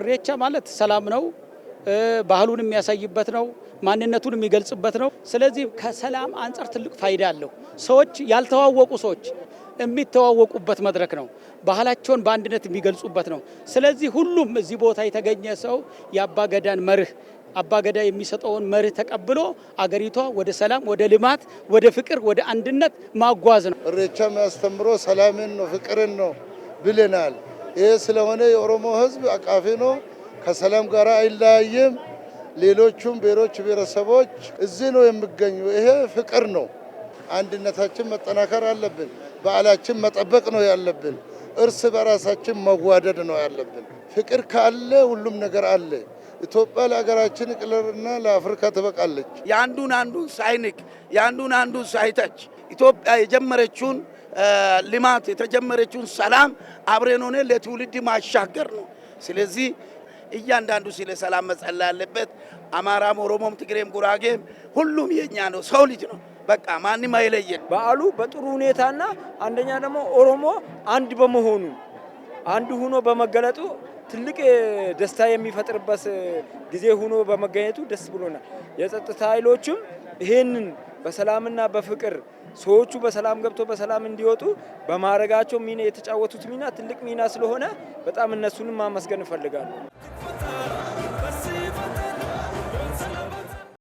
እሬቻ ማለት ሰላም ነው። ባህሉን የሚያሳይበት ነው። ማንነቱን የሚገልጽበት ነው። ስለዚህ ከሰላም አንጻር ትልቅ ፋይዳ አለው። ሰዎች ያልተዋወቁ ሰዎች የሚተዋወቁበት መድረክ ነው። ባህላቸውን በአንድነት የሚገልጹበት ነው። ስለዚህ ሁሉም እዚህ ቦታ የተገኘ ሰው የአባገዳን መርህ አባገዳ የሚሰጠውን መርህ ተቀብሎ አገሪቷ ወደ ሰላም፣ ወደ ልማት፣ ወደ ፍቅር፣ ወደ አንድነት ማጓዝ ነው። እሬቻ የሚያስተምሮ ሰላምን ነው፣ ፍቅርን ነው ብለናል። ይህ ስለሆነ የኦሮሞ ህዝብ አቃፊ ነው። ከሰላም ጋር አይለያይም። ሌሎቹም ብሔሮች ብሔረሰቦች እዚህ ነው የሚገኙ። ይሄ ፍቅር ነው። አንድነታችን መጠናከር አለብን። በዓላችን መጠበቅ ነው ያለብን። እርስ በራሳችን መዋደድ ነው ያለብን። ፍቅር ካለ ሁሉም ነገር አለ። ኢትዮጵያ ለሀገራችን ቅለርና ለአፍሪካ ትበቃለች። የአንዱን አንዱን ሳይንቅ የአንዱን አንዱን ሳይተች ኢትዮጵያ የጀመረችውን ልማት የተጀመረችውን ሰላም አብረን ሆነ ለትውልድ ማሻገር ነው። ስለዚህ እያንዳንዱ ስለ ሰላም መጸለይ ያለበት አማራም፣ ኦሮሞም፣ ትግሬም፣ ጉራጌም ሁሉም የኛ ነው። ሰው ልጅ ነው። በቃ ማንም አይለየን። በዓሉ በጥሩ ሁኔታና አንደኛ ደግሞ ኦሮሞ አንድ በመሆኑ አንድ ሆኖ በመገለጡ ትልቅ ደስታ የሚፈጥርበት ጊዜ ሆኖ በመገኘቱ ደስ ብሎናል። የጸጥታ ኃይሎችም ይሄንን በሰላምና በፍቅር ሰዎቹ በሰላም ገብቶ በሰላም እንዲወጡ በማድረጋቸው ሚና የተጫወቱት ሚና ትልቅ ሚና ስለሆነ በጣም እነሱንም ማመስገን እፈልጋለሁ።